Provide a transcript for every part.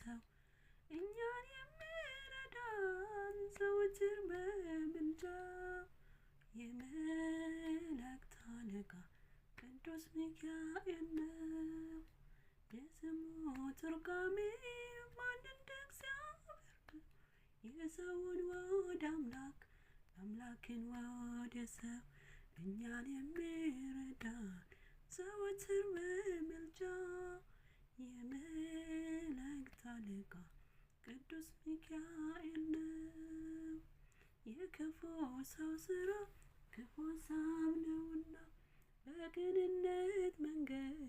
ሰው እኛን የሚረዳን ዘወትር በምልጃ የመላእክት አለቃ ቅዱስ ሚካኤል ነው። የስሙ ትርጓሜ ማን እንደ እግዚአብሔር የሰውን ወደ አምላክ አምላክን ወደ ሰው እኛን የሚረዳን ዘወትር በምልጃ የመላእክት አለቃ ቅዱስ ሚካኤል ነው። የክፉ ሰው ስራ ክፉ ሳም ነውና በቅንነት መንገድ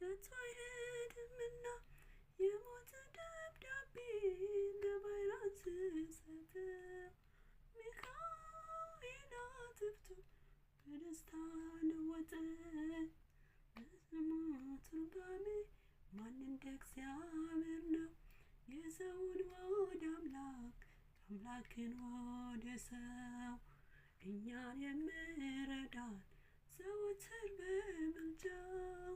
ከቶ አይሄድምና የሞት ደብዳቤ ለባይራስ ሰጠ ሚካኤል አትፍቱ ፊታችን ወደ ሰው እኛን የምረዳን ዘወትር በምልጃው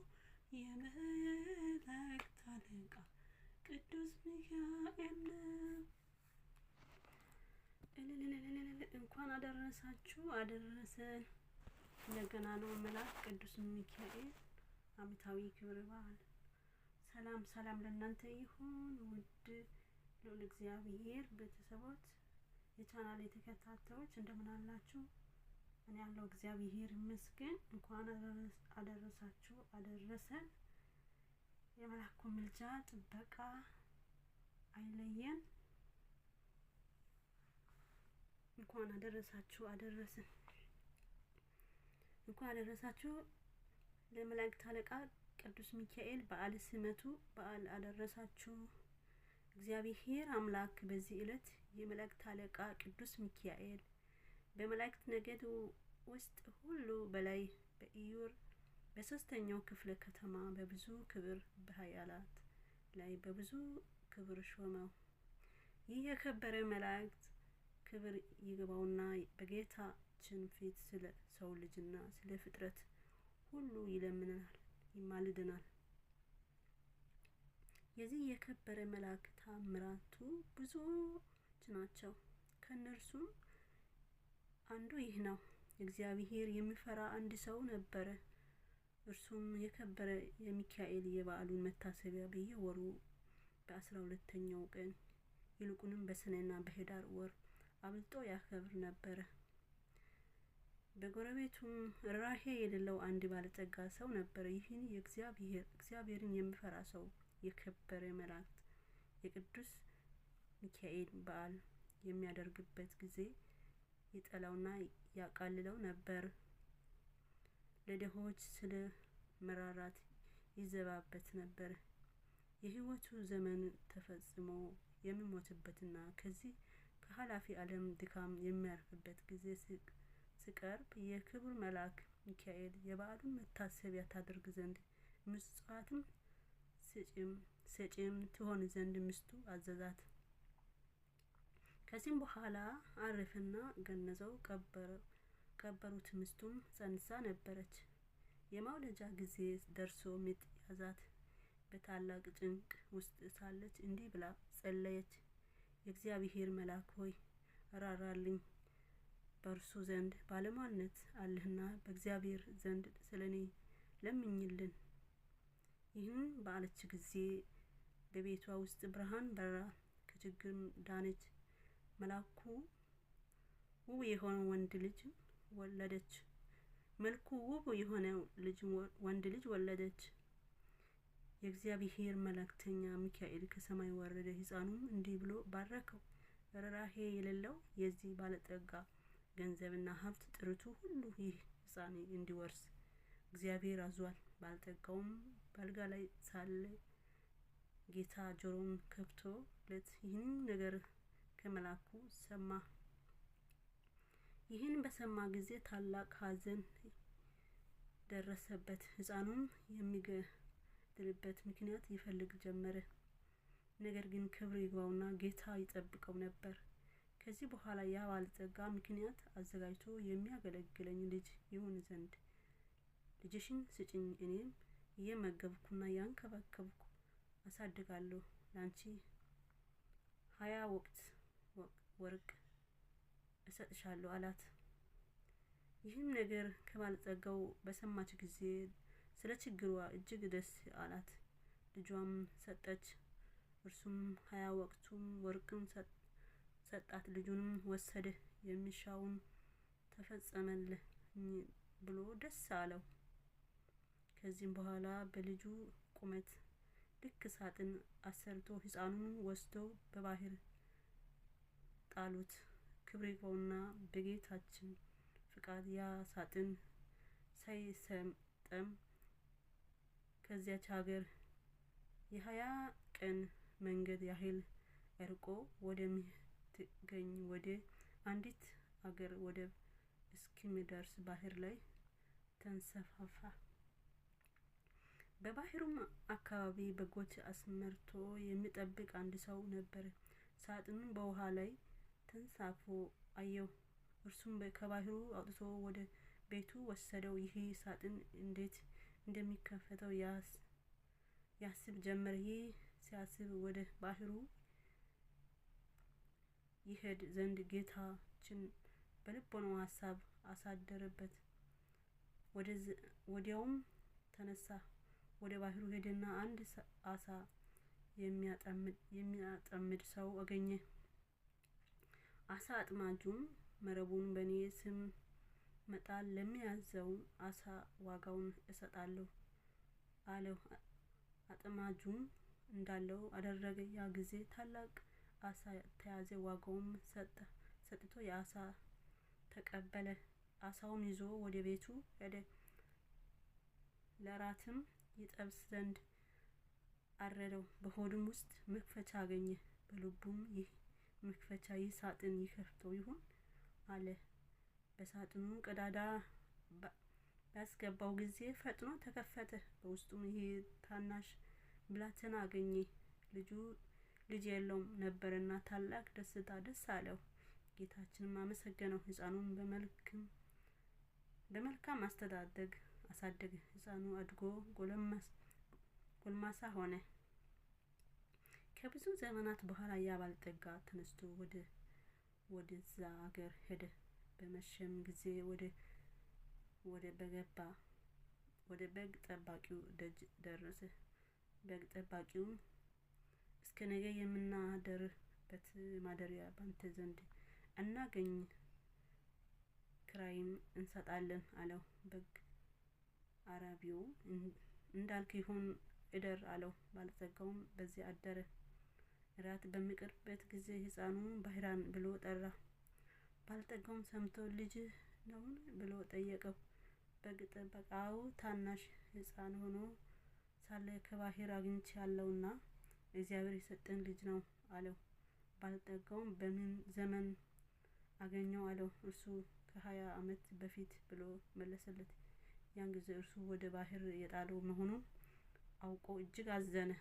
የመላእክት አለቃ ቅዱስ ሚካኤል ነው። እንኳን አደረሳችሁ አደረሰን። እንደገና ነው መልአክ ቅዱስ ሚካኤል አመታዊ ክብረ በዓል። ሰላም ሰላም ለእናንተ ይሁን ውድ ልዑል እግዚአብሔር ቤተሰቦች የቻናል የተከታታዮች እንደምን አላችሁ? እኔ ያለው እግዚአብሔር ይመስገን። እንኳን አደረሳችሁ አደረሰን። የመላኩ ምልጃ ጥበቃ አይለየን። እንኳን አደረሳችሁ አደረሰን። እንኳን አደረሳችሁ ለመላእክት አለቃ ቅዱስ ሚካኤል በዓለ ሲመቱ በዓል አደረሳችሁ። እግዚአብሔር አምላክ በዚህ ዕለት የመላእክት አለቃ ቅዱስ ሚካኤል በመላእክት ነገድ ውስጥ ሁሉ በላይ በኢዩር በሶስተኛው ክፍለ ከተማ በብዙ ክብር በሀያላት ላይ በብዙ ክብር ሾመው። ይህ የከበረ መላእክት ክብር ይግባውና በጌታችን ፊት ስለ ሰው ልጅና ስለ ፍጥረት ሁሉ ይለምናል፣ ይማልድናል። የዚህ የከበረ መልአክ ታምራቱ ብዙ ናቸው። ከእነርሱም አንዱ ይህ ነው። እግዚአብሔር የሚፈራ አንድ ሰው ነበረ። እርሱም የከበረ የሚካኤል የበዓሉን መታሰቢያ በየወሩ በአስራ ሁለተኛው ቀን ይልቁንም በሰኔና በህዳር ወር አብልጦ ያከብር ነበረ። በጎረቤቱም ራሄ የሌለው አንድ ባለጸጋ ሰው ነበረ። ይህን የእግዚአብሔር እግዚአብሔርን የሚፈራ ሰው የከበረ መላእክት የቅዱስ ሚካኤል በዓል የሚያደርግበት ጊዜ ይጠላውና ያቃልለው ነበር። ለደሆች ስለ መራራት ይዘባበት ነበር። የህይወቱ ዘመን ተፈጽሞ የሚሞትበትና ከዚህ ከኃላፊ ዓለም ድካም የሚያርፍበት ጊዜ ሲቀርብ የክብር መልአክ ሚካኤል የበዓሉን መታሰቢያ ታደርግ ዘንድ ምጽዋትም ሰጪም ትሆን ዘንድ ሚስቱ አዘዛት። ከዚህም በኋላ አረፈና ገነዘው ቀበሩት። ሚስቱም ጸንሳ ነበረች። የማውለጃ ጊዜ ደርሶ ምጥ ያዛት። በታላቅ ጭንቅ ውስጥ ሳለች እንዲህ ብላ ጸለየች። የእግዚአብሔር መልአክ ሆይ እራራልኝ፣ በእርሱ ዘንድ ባለሟልነት አለህና በእግዚአብሔር ዘንድ ስለ እኔ ለምኝልን። ይህን በአለች ጊዜ በቤቷ ውስጥ ብርሃን በራ፣ ከችግር ዳነች። መላኩ ውብ የሆነ ወንድ ልጅ ወለደች። መልኩ ውብ የሆነ ልጅ ወንድ ልጅ ወለደች። የእግዚአብሔር መልእክተኛ ሚካኤል ከሰማይ ወረደ፣ ሕፃኑም እንዲህ ብሎ ባረከው። ርኅራኄ የሌለው የዚህ ባለጠጋ ገንዘብና ሀብት ጥርቱ ሁሉ ይህ ሕፃን እንዲወርስ እግዚአብሔር አዟል። ባለጠጋውም በአልጋ ላይ ሳለ ጌታ ጆሮውን ከፍቶ ለት ይህን ነገር ከመላኩ ሰማ። ይህን በሰማ ጊዜ ታላቅ ሐዘን ደረሰበት። ሕፃኑን የሚገድልበት ምክንያት ይፈልግ ጀመረ። ነገር ግን ክብር ይግባውና ጌታ ይጠብቀው ነበር። ከዚህ በኋላ ያ ባለጸጋ ምክንያት አዘጋጅቶ የሚያገለግለኝ ልጅ ይሆን ዘንድ ልጅሽን ስጭኝ፣ እኔም እየመገብኩና ያንከባከብኩ አሳድጋለሁ። ላንቺ ሀያ ወቅት ወርቅ እሰጥሻለሁ አላት። ይህም ነገር ከባለጸጋው በሰማች ጊዜ ስለ ችግሯ እጅግ ደስ አላት። ልጇም ሰጠች። እርሱም ሀያ ወቅቱም ወርቅን ሰጣት። ልጁንም ወሰደ፣ የሚሻውን ተፈጸመልህ ብሎ ደስ አለው። ከዚህም በኋላ በልጁ ቁመት ልክ ሳጥን አሰርቶ ሕፃኑን ወስዶ በባህር ጣሉት። ክብሪቶውና በጌታችን ፍቃድ ያ ሳጥን ሳይሰጠም ከዚያች ሀገር የሀያ ቀን መንገድ ያህል እርቆ ወደሚትገኝ ወደ አንዲት አገር ወደብ እስኪሚደርስ ባህር ላይ ተንሰፋፋ። በባህሩም አካባቢ በጎች አስመርቶ የሚጠብቅ አንድ ሰው ነበር። ሳጥኑን በውሃ ላይ ተንሳፎ አየሁ። እርሱም ከባህሩ አውጥቶ ወደ ቤቱ ወሰደው። ይህ ሳጥን እንዴት እንደሚከፈተው ያስብ ጀመር። ይህ ሲያስብ ወደ ባህሩ ይሄድ ዘንድ ጌታችን በልቦናው ሀሳብ አሳደረበት። ወዲያውም ተነሳ፣ ወደ ባህሩ ሄደና አንድ አሳ የሚያጠምድ ሰው አገኘ። አሳ አጥማጁም መረቡን በእኔ ስም መጣል ለሚያዘው አሳ ዋጋውን እሰጣለሁ አለው። አጥማጁም እንዳለው አደረገ። ያ ጊዜ ታላቅ አሳ ተያዘ። ዋጋውም ሰጥቶ የአሳ ተቀበለ። አሳውን ይዞ ወደ ቤቱ ሄደ። ለራትም ይጠብስ ዘንድ አረደው። በሆዱም ውስጥ መክፈቻ አገኘ። በልቡም ይህ መክፈቻ ይህ ሳጥን ይከፍተው ይሁን አለ። በሳጥኑ ቀዳዳ ባስገባው ጊዜ ፈጥኖ ተከፈተ። በውስጡም ይሄ ታናሽ ብላቴና አገኘ። ልጁ ልጅ የለውም ነበርና ታላቅ ደስታ ደስ አለው። ጌታችንም አመሰገነው። ህፃኑን በመልክም በመልካም አስተዳደግ አሳደገ። ህፃኑ አድጎ ጎልማሳ ሆነ። ከብዙ ዘመናት በኋላ ያ ባለጠጋ ተነስቶ ወደ ወደዛ ሀገር ሄደ። በመሸም ጊዜ ወደ ወደ በገባ ወደ በግ ጠባቂው ደጅ ደረሰ። በግ ጠባቂውም እስከ ነገ የምናደርበት ማደሪያ ባንተ ዘንድ እናገኝ ክራይም እንሰጣለን አለው። በግ አራቢው እንዳልክ ይሁን እደር አለው። ባለጸጋውም በዚያ አደረ። እራት በሚቀርብበት ጊዜ ሕፃኑን ባህራን ብሎ ጠራ። ባልጠጋውም ሰምቶ ልጅህ ነውን ብሎ ጠየቀው። በጥበቃው ታናሽ ህፃን ሆኖ ሳለ ከባህር አግኝቼ ያለውና እግዚአብሔር የሰጠን ልጅ ነው አለው። ባልጠጋውም በምን ዘመን አገኘው አለው። እርሱ ከሀያ አመት በፊት ብሎ መለሰለት። ያን ጊዜ እርሱ ወደ ባህር የጣለው መሆኑን አውቆ እጅግ አዘነ።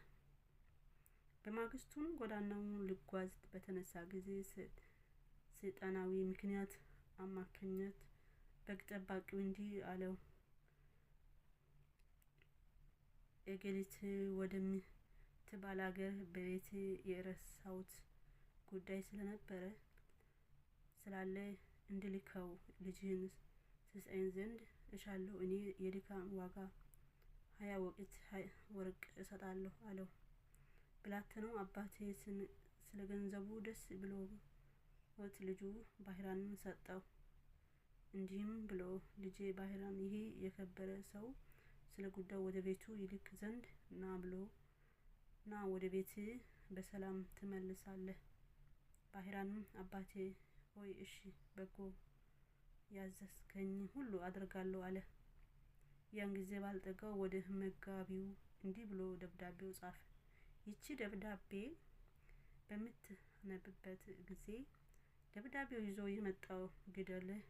በማግስቱም ጎዳናውን ልጓዝ በተነሳ ጊዜ ሰይጣናዊ ምክንያት አማካኝነት በግ ጠባቂው እንዲህ አለው፣ ኤጌሊት ወደምትባል አገር በቤት የረሳሁት ጉዳይ ስለነበረ ስላለ እንድልከው ልጅህን ትሰጠኝ ዘንድ እሻለሁ። እኔ የድካም ዋጋ ሀያ ወቅት ወርቅ እሰጣለሁ አለው። ነው አባቴ ስለ ገንዘቡ ደስ ብሎት ልጁ ባህራንን ሰጠው። እንዲህም ብሎ ልጄ ባህራን ይሄ የከበረ ሰው ስለ ጉዳዩ ወደ ቤቱ ይልክ ዘንድ ና ብሎ ና ወደ ቤት በሰላም ትመልሳለህ። ባህራንም አባቴ ሆይ እሺ በጎ ያዘዝከኝ ሁሉ አድርጋለሁ አለ። ያን ጊዜ ባልጠጋው ወደ መጋቢው እንዲህ ብሎ ደብዳቤው ጻፈ። ይቺ ደብዳቤ በምትነብበት ጊዜ ደብዳቤው ይዞ የመጣው ግደልህ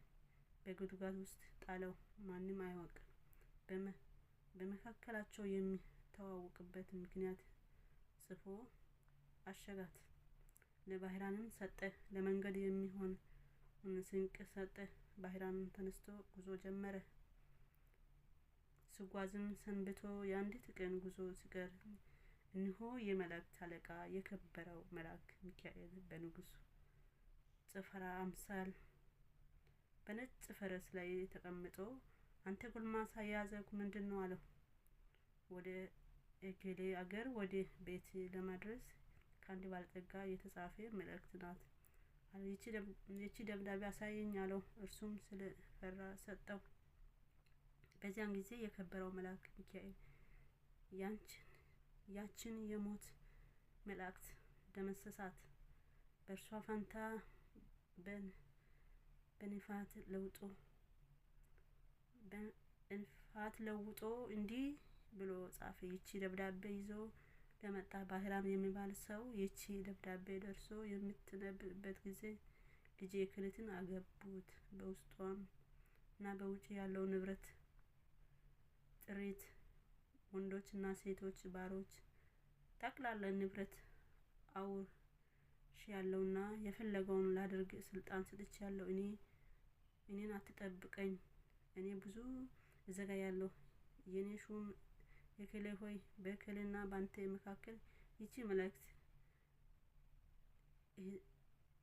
በጉድጓድ ውስጥ ጣለው ማንም አያወቅም። በመካከላቸው የሚተዋወቅበት ምክንያት ጽፎ አሸጋት። ለባህራንም ሰጠ። ለመንገድ የሚሆን ስንቅ ሰጠ። ባህራንም ተነስቶ ጉዞ ጀመረ። ስጓዝም ሰንብቶ የአንዲት ቀን ጉዞ ሲቀር እነሆ የመላእክት አለቃ የከበረው መልአክ ሚካኤል በንጉሥ ጭፈራ አምሳል በነጭ ፈረስ ላይ ተቀምጦ አንተ ጎልማሳ የያዘህ ምንድን ነው አለው። ወደ ኤጌሌ አገር ወደ ቤት ለማድረስ ከአንድ ባለጠጋ የተጻፈ መልእክት ናት። ይቺ ደብዳቤ አሳየኝ አለው። እርሱም ስፈራ ሰጠው። በዚያን ጊዜ የከበረው መልአክ ሚካኤል ያንች ያችን የሞት መላእክት ደመሰሳት። በእርሷ ፋንታ በንፋት ለውጦ በንፋት ለውጦ እንዲህ ብሎ ጻፈ። ይቺ ደብዳቤ ይዞ ለመጣ ባህራም የሚባል ሰው ይቺ ደብዳቤ ደርሶ የምትነብበት ጊዜ ልጄ ክልትን አገቡት። በውስጧም እና በውጭ ያለው ንብረት ጥሪት ወንዶች እና ሴቶች ባሮች ጠቅላላ ንብረት ያለውና የፈለገውን ላድርግ ስልጣን ሰጥቻለሁ። እኔ እኔን አትጠብቀኝ፣ እኔ ብዙ ያለሁ የኔ ሹም የክሌ ሆይ በክልና ባንተ መካከል ይቺ መላእክት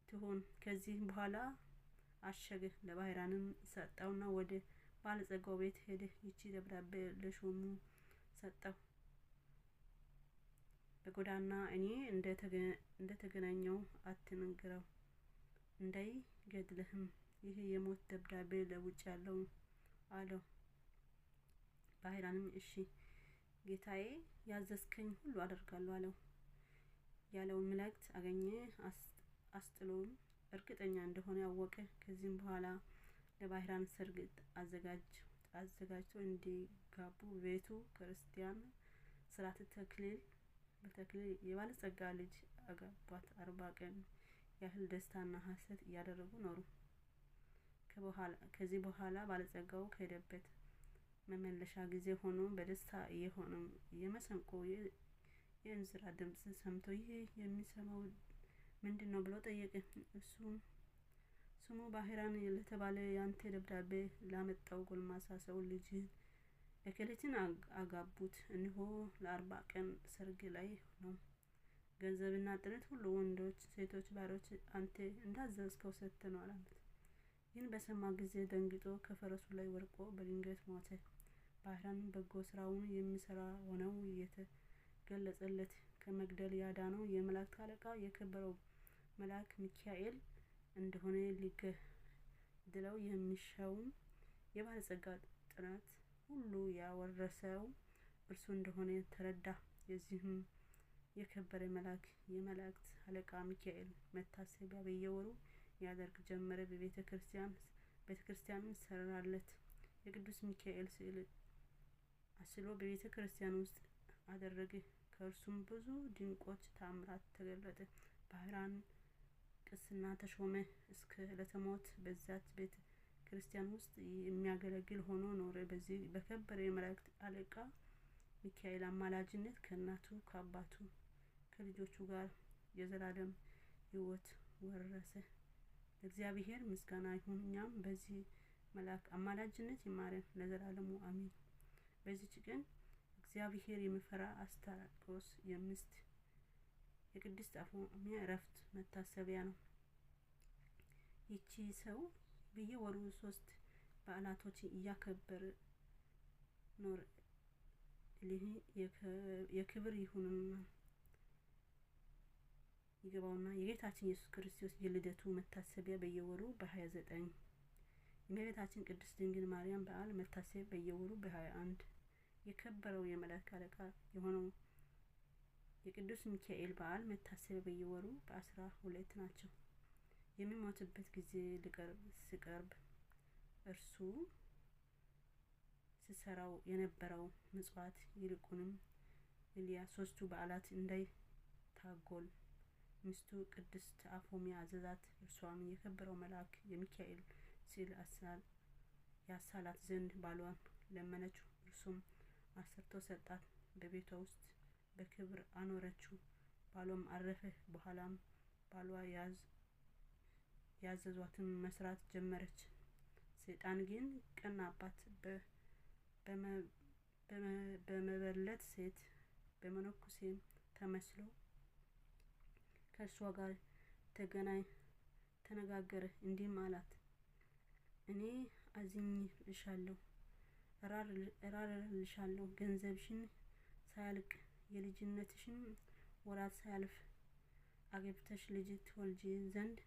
ትሆን። ከዚህ በኋላ አሸገ። ለባህራንም ሰጠውና ወደ ባለጸጋው ቤት ሄደ። ይቺ ደብዳቤ ለሹሙ ሰጠሁ። በጎዳና እኔ እንደተገናኘው አትንግረው ገድልህም። ይህ የሞት ደብዳቤ ለውጭ ያለው አለው። ባህራንም እሺ ጌታዬ ያዘዝከኝ ሁሉ አደርጋለሁ አለው። ያለውን መልእክት አገኘ። አስጥሎም እርግጠኛ እንደሆነ ያወቀ። ከዚህም በኋላ ለባህራን ሰርግ አዘጋጅ አዘጋጅቶ እንዲጋቡ ቤቱ ክርስቲያን ስርዓተ ተክሊል በተክሊል የባለጸጋ ልጅ አጋቧት። አርባ ቀን ያህል ደስታና ሀሴት እያደረጉ ኖሩ። ከዚህ በኋላ ባለጸጋው ከሄደበት መመለሻ ጊዜ ሆኖ በደስታ እየሆነ የመሰንቆ የእንዝራ ድምፅ ሰምቶ ይህ የሚሰማው ምንድን ነው ብሎ ጠየቀ። እሱም ስሙ ባህራን ለተባለ ያንተ ደብዳቤ ላመጣው ጎልማሳ ሰው ልጅ እከሌትን አጋቡት። እነሆ ለአርባ ቀን ሰርግ ላይ ነው። ገንዘብና ጥሪት ሁሉ፣ ወንዶች፣ ሴቶች ባሮች አንተ እንዳዘዝከው ሰጥተነዋል አሉት። ይህን በሰማ ጊዜ ደንግጦ ከፈረሱ ላይ ወርቆ በድንገት ሞተ። ባህራን በጎ ስራውን የሚሰራ ሆነው የተገለጸለት ከመግደል ያዳነው የመላእክት አለቃ የከበረው መልአክ ሚካኤል እንደሆነ ሊገድለው የሚሻውም የባለጸጋ ጥናት ሁሉ ያወረሰው እርሱ እንደሆነ ተረዳ። የዚህም የከበረ መልአክ የመላእክት አለቃ ሚካኤል መታሰቢያ በየወሩ ያደርግ ጀመረ። በቤተ ክርስቲያን ቤተ ክርስቲያንም ሰራለት። የቅዱስ ሚካኤል ስዕል አስሎ በቤተ ክርስቲያን ውስጥ አደረገ። ከእርሱም ብዙ ድንቆች ታምራት ተገለጠ። ባህራን ቅስና ተሾመ እስከ ለተሞት በዛት ቤተ ክርስቲያን ውስጥ የሚያገለግል ሆኖ ኖረ። በዚህ በከበረ የመላእክት አለቃ ሚካኤል አማላጅነት ከእናቱ ከአባቱ ከልጆቹ ጋር የዘላለም ሕይወት ወረሰ። ለእግዚአብሔር ምስጋና ይሁን፣ እኛም በዚህ መልአክ አማላጅነት ይማረን ለዘላለሙ አሚን። በዚች ቀን እግዚአብሔር የሚፈራ አስታራቆስ የምስት የቅድስት አፎሚያ እረፍት መታሰቢያ ነው። ይቺ ሰው በየወሩ ሶስት በዓላቶች እያከበር ኖር እሊህ የክብር ይሁንም ይገባውና የጌታችን ኢየሱስ ክርስቶስ የልደቱ መታሰቢያ በየወሩ በሀያ ዘጠኝ የእመቤታችን ቅድስት ድንግል ማርያም በዓል መታሰቢያ በየወሩ በሀያ አንድ የከበረው የመላእክት አለቃ የሆነው የቅዱስ ሚካኤል በዓል መታሰቢያ በየወሩ በአስራ ሁለት ናቸው። የሚሞትበት ጊዜ ሊቀርብ ሲቀርብ እርሱ ሲሰራው የነበረው ምጽዋት ይልቁንም ኤልያ ሶስቱ በዓላት እንዳይታጎል ሚስቱ ቅድስት አፎሚያ አዘዛት። እርሷም የከበረው መልአክ የሚካኤል ስዕል ያሳላት ዘንድ ባሏን ለመነችው። እርሱም አሰርቶ ሰጣት። በቤቷ ውስጥ በክብር አኖረችው። ባሏም አረፈ። በኋላም ባሏ ያዘዟትን መስራት ጀመረች። ሰይጣን ግን ቀናባት። በመበለት ሴት በመነኩሴ ተመስሎ ከእርሷ ጋር ተገናኝ ተነጋገረ። እንዲህም አላት፣ እኔ አዝኜልሻለሁ፣ እራራልሻለሁ ገንዘብሽን ሳያልቅ የልጅነትሽን ወራት ሳያልፍ አግብተሽ ልጅ ትወልጂ ዘንድ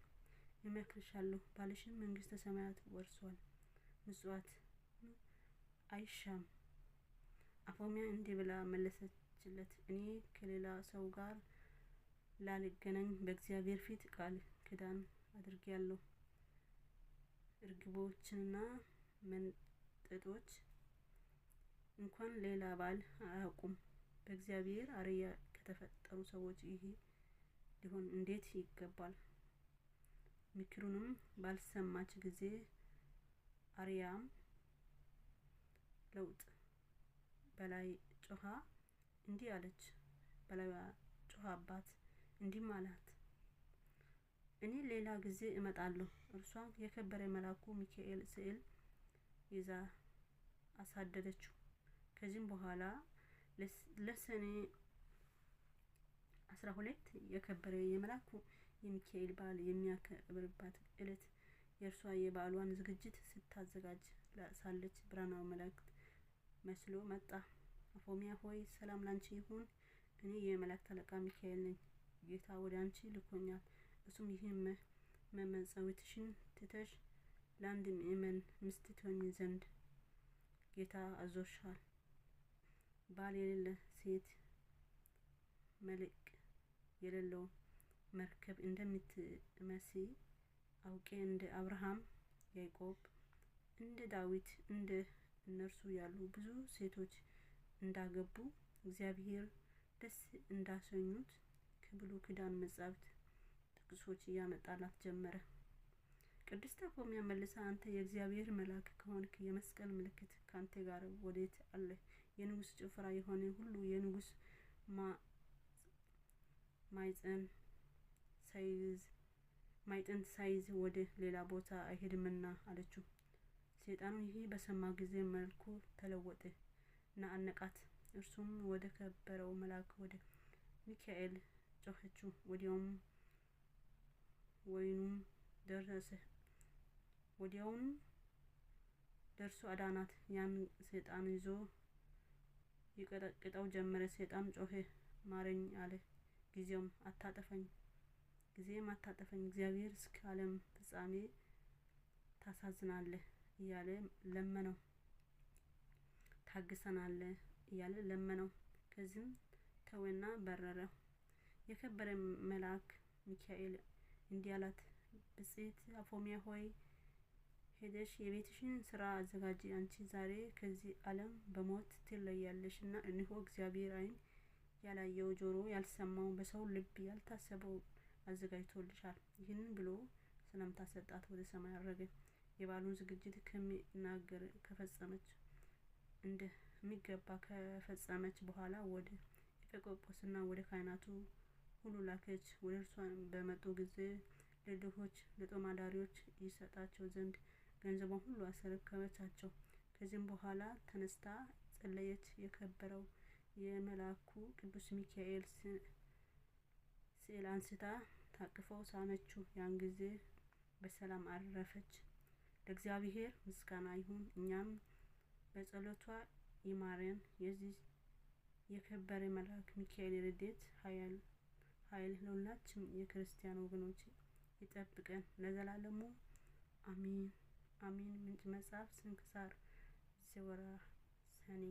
እመክርሻለሁ። ባልሽን መንግስተ ሰማያት ወርሷል፣ ምጽዋት አይሻም። አፎሚያ እንዲህ ብላ መለሰችለት፣ እኔ ከሌላ ሰው ጋር ላልገናኝ በእግዚአብሔር ፊት ቃል ኪዳን አድርጌያለሁ። እርግቦችንና መንጠጦች እንኳን ሌላ ባል አያውቁም። በእግዚአብሔር አርያ ከተፈጠሩ ሰዎች ይህ ሊሆን እንዴት ይገባል? ምክሩንም ባልሰማች ጊዜ አርያም ለውጥ በላይ ጮኻ እንዲህ አለች። ጮሃ አባት እንዲህም አላት፣ እኔ ሌላ ጊዜ እመጣለሁ። እርሷ የከበረ መልአኩ ሚካኤል ስዕል ይዛ አሳደደችው። ከዚህም በኋላ ለሰኔ 12 የከበረ የመላኩ የሚካኤል በዓል የሚያከብርባት ዕለት የእርሷ የበዓሏን ዝግጅት ስታዘጋጅ ሳለች ብርሃናዊ መላእክት መስሎ መጣ። አፎሚያ ሆይ ሰላም ላንቺ ይሁን፣ እኔ የመላእክት አለቃ ሚካኤል ነኝ። ጌታ ወደ አንቺ ልኮኛል። እሱም ይህን መመጸዊትሽን ትተሽ ለአንድ ምእመን ሚስት ትሆኚ ዘንድ ጌታ አዞሻል። ባል የሌለ ሴት መልክ የሌለው መርከብ እንደምትመስይ አውቄ እንደ አብርሃም፣ ያዕቆብ፣ እንደ ዳዊት እንደ እነርሱ ያሉ ብዙ ሴቶች እንዳገቡ እግዚአብሔር ደስ እንዳሰኙት ከብሉይ ኪዳን መጻሕፍት ጥቅሶች እያመጣላት ጀመረ። ቅድስት ጳውሜ መልሳ አንተ የእግዚአብሔር መልአክ ከሆንክ የመስቀል ምልክት ካንተ ጋር ወዴት አለ? የንጉስ ጭፍራ የሆነ ሁሉ የንጉስ ማይፀን ሳይዝ ማይጠን ሳይዝ ወደ ሌላ ቦታ አይሄድምና አለችው። ሴጣኑ ይህ በሰማ ጊዜ መልኩ ተለወጠ እና አነቃት። እርሱም ወደ ከበረው መልአክ ወደ ሚካኤል ጮኸችው። ወዲያውም ወይኑም ደረሰ ወዲያውም ደርሶ አዳናት። ያን ሰይጣን ይዞ ይቀጠቅጠው ጀመረ። ሰይጣን ጮኸ፣ ማረኝ አለ። ጊዜውም አታጠፈኝ ጊዜም አታጠፈኝ እግዚአብሔር እስከ ዓለም ፍጻሜ ታሳዝናለህ እያለ ለመነው። ታግሰናለህ እያለ ለመነው። ከዚህም ተወና በረረ። የከበረ መልአክ ሚካኤል እንዲህ አላት፣ ብጽዕት አፎሚያ ሆይ ሄደሽ የቤትሽን ስራ አዘጋጂ። አንቺ ዛሬ ከዚህ ዓለም በሞት ትለያለሽ እና እንሆ እግዚአብሔር ዓይን ያላየው ጆሮ ያልሰማው በሰው ልብ ያልታሰበው አዘጋጅቶልሻል። ይህን ብሎ ሰላምታ ሰጣት። ወደ ሰማይ አረገ። የባሉን ዝግጅት ከሚናገር ከፈጸመች እንደሚገባ ከፈጸመች በኋላ ወደ ኤጲቆጶስና ወደ ካህናቱ ሁሉ ላከች። ወደ እርሷ በመጡ ጊዜ ለድሆች ለጦማዳሪዎች ይሰጣቸው ዘንድ ገንዘቧን ሁሉ አስረከበቻቸው። ከዚህም በኋላ ተነስታ ጸለየች። የከበረው የመልአኩ ቅዱስ ሚካኤል ስዕል አንስታ ታቅፈው ሳመችው። ያን ጊዜ በሰላም አረፈች። ለእግዚአብሔር ምስጋና ይሁን፣ እኛም በጸሎቷ ይማረን። የዚህ የከበረ መልአክ ሚካኤል ረድኤት ኃይል ለሁላችን የክርስቲያን ወገኖች ይጠብቀን ለዘላለሙ አሚን። አሚን ምንጭ መጽሐፍ ስንክሳር ዘወርኀ ሰኔ